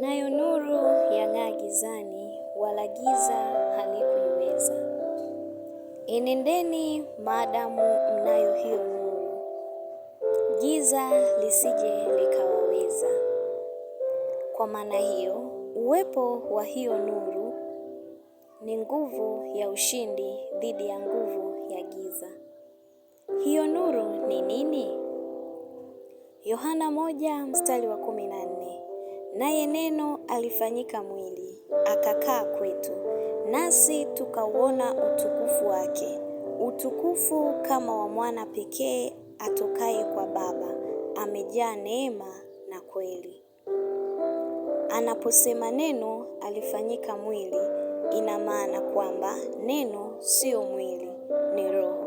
nayo nuru yang'aa gizani, wala giza halikuiweza. Enendeni maadamu mnayo hiyo nuru, giza lisije likawaweza. Kwa maana hiyo, uwepo wa hiyo nuru ni nguvu ya ushindi dhidi ya nguvu ya giza. Hiyo nuru ni nini? Yohana moja mstari wa kumi na nne. Naye neno alifanyika mwili, akakaa kwetu, nasi tukauona utukufu wake, utukufu kama wa mwana pekee atokaye kwa Baba, amejaa neema na kweli. Anaposema neno alifanyika mwili, ina maana kwamba neno sio mwili, ni roho.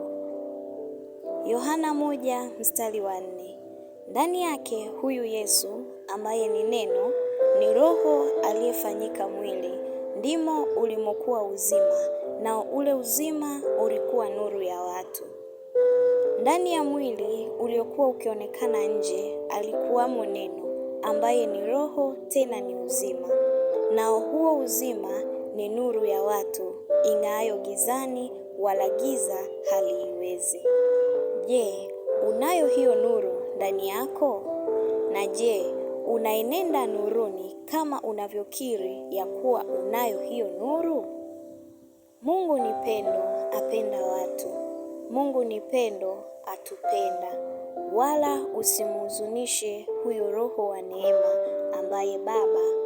Yohana moja mstari wa nne. Ndani yake huyu Yesu ambaye ni neno, ni Roho aliyefanyika mwili, ndimo ulimokuwa uzima, nao ule uzima ulikuwa nuru ya watu. Ndani ya mwili uliokuwa ukionekana nje, alikuwamo neno ambaye ni Roho tena ni uzima, nao huo uzima ni nuru ya watu ing'aayo gizani, wala giza haliiwezi. Je, unayo hiyo nuru? ndani yako? Na je, unaenenda nuruni kama unavyokiri ya kuwa unayo hiyo nuru? Mungu ni pendo, apenda watu. Mungu ni pendo, atupenda. Wala usimhuzunishe huyo Roho wa neema ambaye Baba